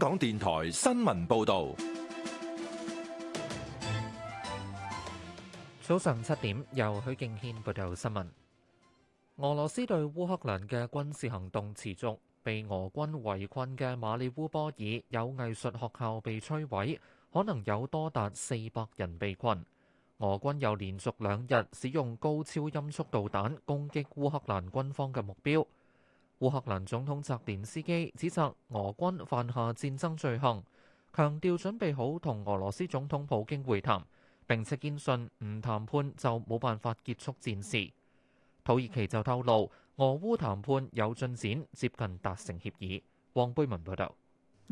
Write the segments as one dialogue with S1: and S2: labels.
S1: 香港電台新聞報道：早上七點，由許敬軒報道新聞。俄羅斯對烏克蘭嘅軍事行動持續，被俄軍圍困嘅馬里烏波爾有藝術學校被摧毀，可能有多達四百人被困。俄軍又連續兩日使用高超音速導彈攻擊烏克蘭軍方嘅目標。烏克蘭總統澤連斯基指責俄軍犯下戰爭罪行，強調準備好同俄羅斯總統普京會談，並且堅信唔談判就冇辦法結束戰事。土耳其就透露，俄烏談判有進展，接近達成協議。黃貝文報道。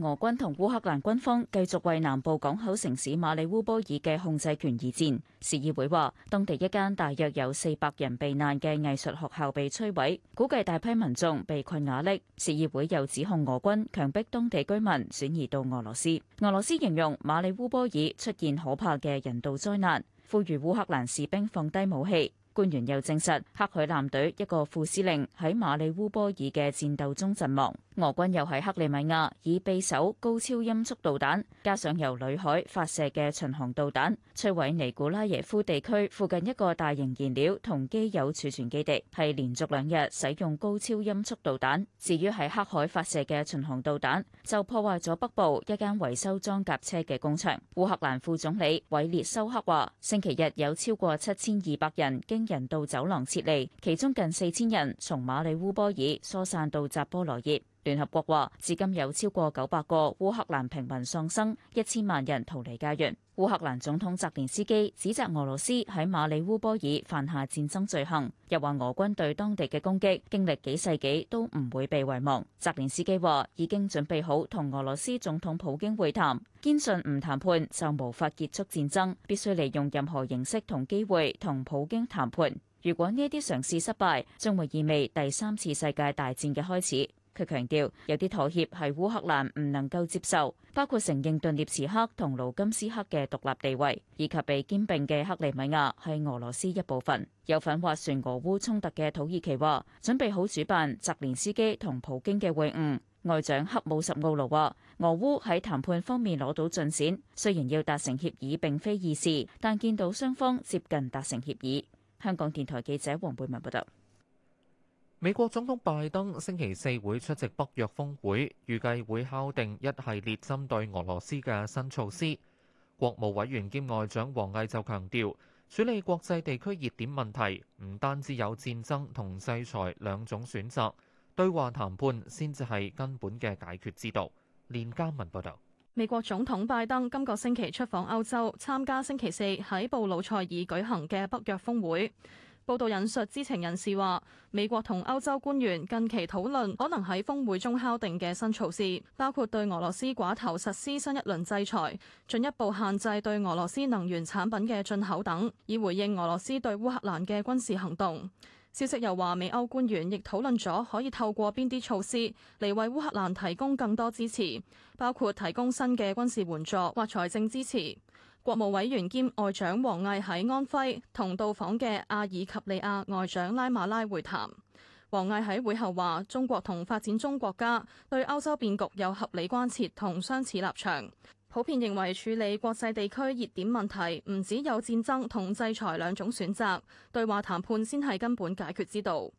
S2: 俄軍同烏克蘭軍方繼續為南部港口城市馬里烏波爾嘅控制權而戰。市議會話，當地一間大約有四百人避難嘅藝術學校被摧毀，估計大批民眾被困瓦礫。市議會又指控俄軍強迫當地居民轉移到俄羅斯。俄羅斯形容馬里烏波爾出現可怕嘅人道災難，呼籲烏克蘭士兵放低武器。官員又證實，黑海艦隊一個副司令喺馬里烏波爾嘅戰鬥中陣亡。俄軍又喺克里米亞以匕首高超音速導彈，加上由裏海發射嘅巡航導彈，摧毀尼古拉耶夫地區附近一個大型燃料同機油儲存基地。係連續兩日使用高超音速導彈，至於喺黑海發射嘅巡航導彈，就破壞咗北部一間維修裝甲車嘅工場。烏克蘭副總理韋列修克話：星期日有超過七千二百人經人道走廊撤離，其中近四千人從馬里烏波爾疏散到扎波羅熱。聯合國話至今有超過九百個烏克蘭平民喪生，一千萬人逃離家園，烏克蘭總統澤連斯基指責俄羅斯喺馬里烏波爾犯下戰爭罪行，又話俄軍對當地嘅攻擊經歷幾世紀都唔會被遺忘。澤連斯基話已經準備好同俄羅斯總統普京會談，堅信唔談判就無法結束戰爭，必須利用任何形式同機會同普京談判。如果呢啲嘗試失敗將會意味第三次世界大戰嘅開始。佢強調，有啲妥協係烏克蘭唔能夠接受，包括承認頓涅茨克同盧甘斯克嘅獨立地位，以及被兼併嘅克里米亞係俄羅斯一部分。有份斡旋俄烏衝突嘅土耳其話，準備好主辦澤連斯基同普京嘅會晤。外長克姆什奧盧話，俄烏喺談判方面攞到進展，雖然要達成協議並非易事，但見到雙方接近達成協議。香港電台記者黃貝文報道。
S1: 美國總統拜登星期四會出席北約峰會，預計會敲定一系列針對俄羅斯嘅新措施。國務委員兼外長王毅就強調，處理國際地區熱點問題唔單止有戰爭同制裁兩種選擇，對話談判先至係根本嘅解決之道。連家文報道，
S3: 美國總統拜登今個星期出訪歐洲，參加星期四喺布魯塞爾舉行嘅北約峰會。報道引述知情人士話，美國同歐洲官員近期討論可能喺峰會中敲定嘅新措施，包括對俄羅斯寡頭實施新一輪制裁，進一步限制對俄羅斯能源產品嘅進口等，以回應俄羅斯對烏克蘭嘅軍事行動。消息又話，美歐官員亦討論咗可以透過邊啲措施嚟為烏克蘭提供更多支持，包括提供新嘅軍事援助或財政支持。國務委員兼外長王毅喺安徽同到訪嘅阿爾及利亞外長拉馬拉會談。王毅喺會後話：中國同發展中國家對歐洲變局有合理關切同相似立場。普遍認為，處理國際地區熱點問題唔止有戰爭同制裁兩種選擇，對話談判先係根本解決之道。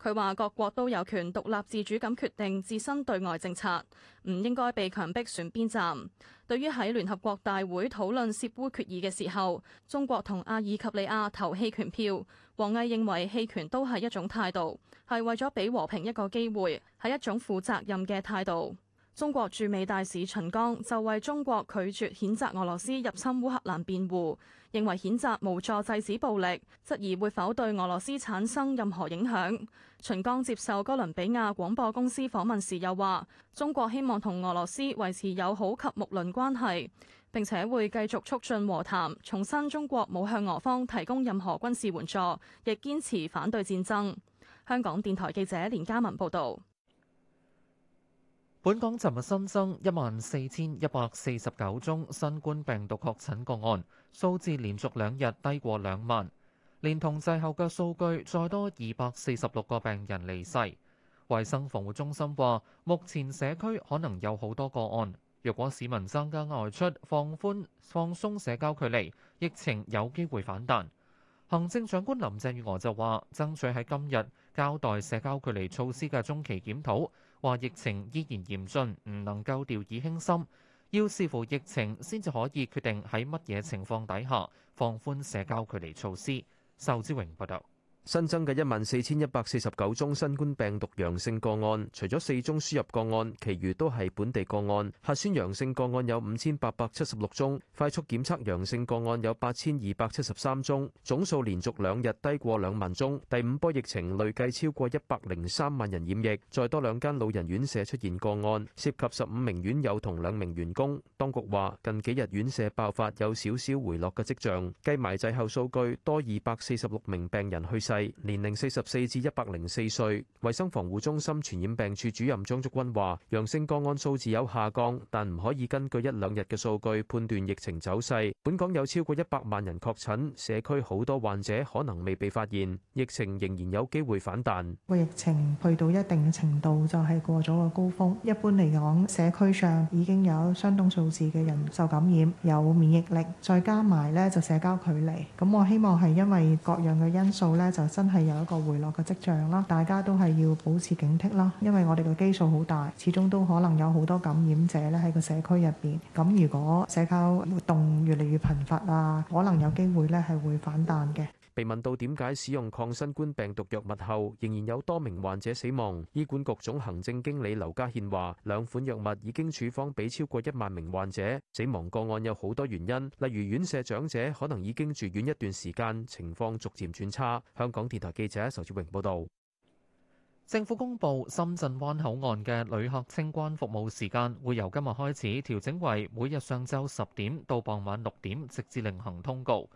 S3: 佢話：各國都有權獨立自主咁決定自身對外政策，唔應該被強迫選邊站。對於喺聯合國大會討論涉烏決議嘅時候，中國同阿爾及利亞投棄權票，王毅認為棄權都係一種態度，係為咗畀和平一個機會，係一種負責任嘅態度。中國駐美大使秦剛就為中國拒絕譴責俄羅斯入侵烏克蘭辯護，認為譴責無助制止暴力，質疑會否對俄羅斯產生任何影響。秦剛接受哥倫比亞廣播公司訪問時又話，中國希望同俄羅斯維持友好及睦鄰關係，並且會繼續促進和談，重申中國冇向俄方提供任何軍事援助，亦堅持反對戰爭。香港電台記者連嘉文報道。
S1: 本港昨日新增一萬四千一百四十九宗新冠病毒確診個案，數字連續兩日低過兩萬。連同滯後嘅數據再多二百四十六個病人離世。衛生防護中心話，目前社區可能有好多個案。若果市民增加外出、放寬、放鬆社交距離，疫情有機會反彈。行政長官林鄭月娥就話，爭取喺今日交代社交距離措施嘅中期檢討。話疫情依然嚴峻，唔能夠掉以輕心，要視乎疫情先至可以決定喺乜嘢情況底下放寬社交距離措施。仇志榮報道。
S4: 新增嘅一萬四千一百四十九宗新冠病毒陽性個案，除咗四宗輸入個案，其餘都係本地個案。核酸陽性個案有五千八百七十六宗，快速檢測陽性個案有八千二百七十三宗，總數連續兩日低過兩萬宗。第五波疫情累計超過一百零三萬人染疫，再多兩間老人院舍出現個案，涉及十五名院友同兩名員工。當局話，近幾日院舍爆發有少少回落嘅跡象，計埋滯後數據，多二百四十六名病人去世。年齡四十四至一百零四歲，衛生防護中心傳染病處主任張竹君話：陽性個案數字有下降，但唔可以根據一兩日嘅數據判斷疫情走勢。本港有超過一百萬人確診，社區好多患者可能未被發現，疫情仍然有機會反彈。
S1: 個疫情去到一定程度就係過咗個高峰。一般嚟講，社區上已經有相當數字嘅人受感染，有免疫力，再加埋呢就社交距離。咁我希望係因為各樣嘅因素呢。就真係有一個回落嘅跡象啦，大家都係要保持警惕啦，因為我哋嘅基數好大，始終都可能有好多感染者咧喺個社區入邊，咁如果社交活動越嚟越頻繁啊，可能有機會咧係會反彈嘅。
S4: 被問到點解使用抗新冠病毒藥物後仍然有多名患者死亡，醫管局總行政經理劉家憲話：兩款藥物已經處方俾超過一萬名患者，死亡個案有好多原因，例如院舍長者可能已經住院一段時間，情況逐漸轉差。
S1: 香港電台記者仇志榮報道，政府公布深圳灣口岸嘅旅客清關服務時間會由今日開始調整為每日上晝十點到傍晚六點，直至另行通告。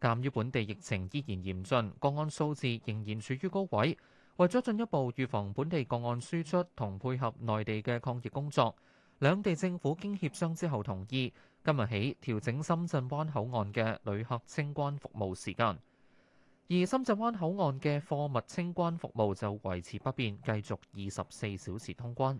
S1: 鑒於本地疫情依然嚴峻，個案數字仍然處於高位，為咗進一步預防本地個案輸出同配合內地嘅抗疫工作，兩地政府經協商之後同意，今日起調整深圳灣口岸嘅旅客清關服務時間，而深圳灣口岸嘅貨物清關服務就維持不變，繼續二十四小時通關。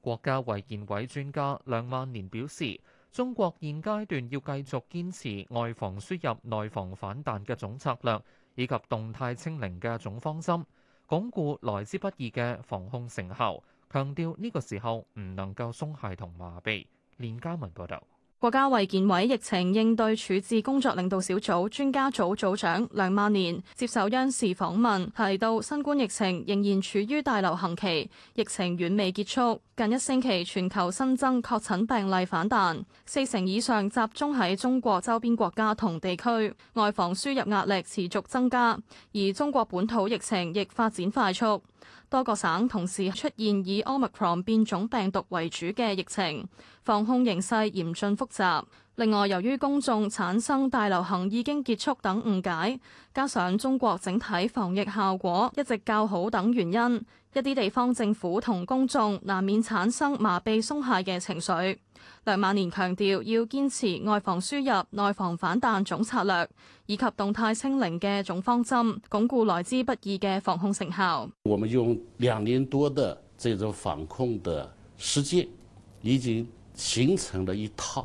S1: 國家衛健委專家梁萬年表示。中國現階段要繼續堅持外防輸入、內防反彈嘅總策略，以及動態清零嘅總方針，鞏固來之不易嘅防控成效，強調呢個時候唔能夠鬆懈同麻痹。連家文報道。
S3: 國家衛健委疫情應對處置工作領導小組專家組組長梁萬年接受央視訪問，提到新冠疫情仍然處於大流行期，疫情遠未結束。近一星期，全球新增確診病例反彈，四成以上集中喺中國周邊國家同地區，外防輸入壓力持續增加，而中國本土疫情亦發展快速。多個省同時出現以 Omicron 變種病毒為主嘅疫情，防控形勢嚴峻複雜。另外，由於公眾產生大流行已經結束等誤解，加上中國整體防疫效果一直較好等原因，一啲地方政府同公眾難免產生麻痹鬆懈嘅情緒。梁萬年強調，要堅持外防輸入、內防反彈總策略，以及動態清零嘅總方針，鞏固來之不易嘅防控成效。
S1: 我們用兩年多的這種防控的實踐，已經形成了一套。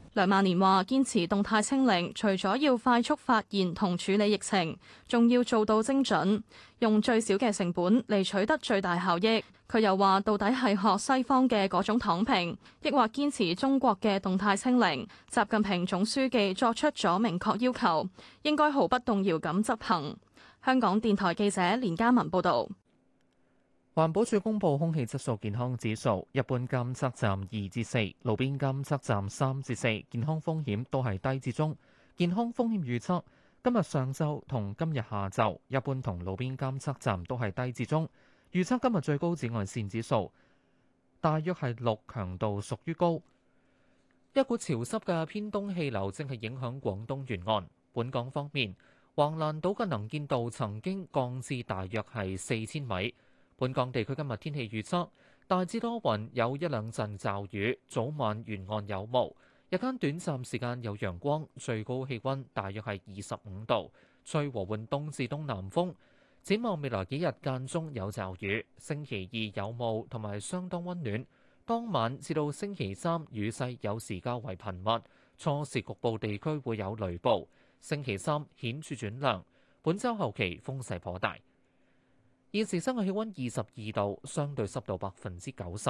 S3: 梁萬年話：堅持動態清零，除咗要快速發現同處理疫情，仲要做到精準，用最少嘅成本嚟，取得最大效益。佢又話：到底係學西方嘅嗰種躺平，抑或堅持中國嘅動態清零？習近平總書記作出咗明確要求，應該毫不動搖咁執行。香港電台記者連嘉文報道。
S1: 環保署公布空氣質素健康指數，一般監測站二至四，路邊監測站三至四，健康風險都係低至中。健康風險預測今日上晝同今日下晝，一般同路邊監測站都係低至中。預測今日最高紫外線指數大約係六，強度屬於高。一股潮濕嘅偏東氣流正係影響廣東沿岸。本港方面，橫瀾島嘅能見度曾經降至大約係四千米。本港地區今日天氣預測：大致多雲，有一兩陣驟雨，早晚沿岸有霧，日間短暫時間有陽光，最高氣温大約係二十五度，吹和緩東至東南風。展望未來幾日間中有驟雨，星期二有霧同埋相當温暖，當晚至到星期三雨勢有時較為頻密，初時局部地區會有雷暴。星期三顯著轉涼，本週後期風勢頗大。現時室外氣溫二十二度，相對濕度百分之九十。